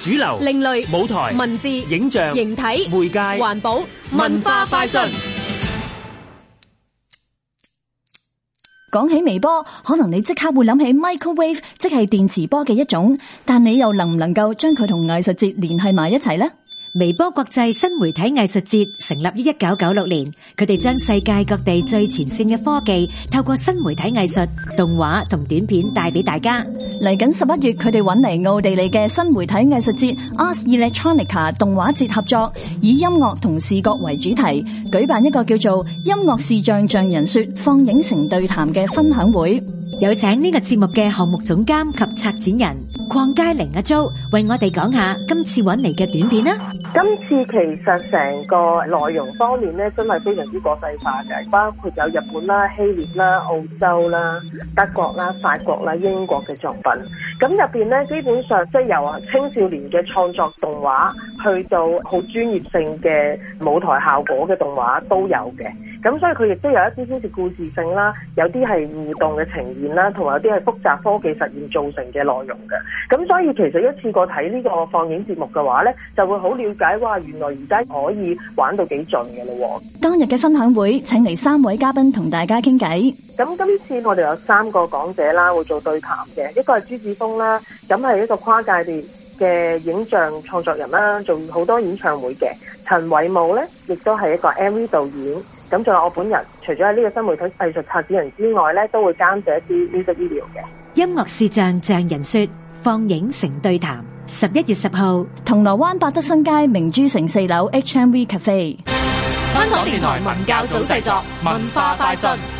主流、另類舞台、文字、影像、形體、媒介、環保、文化快訊。講起微波，可能你即刻會諗起 microwave，即係電磁波嘅一種。但你又能唔能夠將佢同藝術節聯繫埋一齊呢？微波國際新媒體藝術節成立於一九九六年，佢哋將世界各地最前線嘅科技透過新媒體藝術、動畫同短片帶俾大家。嚟緊十一月，佢哋搵嚟奧地利嘅新媒體藝術節 Ars Electronica 動畫節合作，以音樂同視覺為主題，舉辦一個叫做《音樂視像匠人說》放映成對談嘅分享會，有請呢個節目嘅項目總監及策展人鄺佳玲阿 Jo，為我哋講下今次搵嚟嘅短片啦。今次其實成個內容方面呢，真係非常之國際化嘅，包括有日本啦、希臘啦、澳洲啦、德國啦、法國啦、英國嘅作品。咁入邊咧，基本上即係由啊青少年嘅創作動畫，去到好專業性嘅舞台效果嘅動畫都有嘅。咁所以佢亦都有一啲好似故事性啦，有啲係互動嘅呈現啦，同埋有啲係複雜科技實驗造成嘅內容嘅。咁所以其實一次過睇呢個放映節目嘅話咧，就會好了解哇！原來而家可以玩到幾盡嘅咯喎。當日嘅分享會請嚟三位嘉賓同大家傾偈。咁今次我哋有三個講者啦，會做對談嘅，一個係朱子峰啦，咁係一個跨界別嘅影像創作人啦，做好多演唱會嘅。陳偉武咧，亦都係一個 MV 導演。咁仲有我本人，除咗喺呢個新媒體藝術策展人之外咧，都會監製一啲呢個醫療嘅，音樂視像像人說，放映成對談。十一月十號，銅鑼灣百德新街明珠城四樓 H M V Cafe。香港電台文教組製作，文化快訊。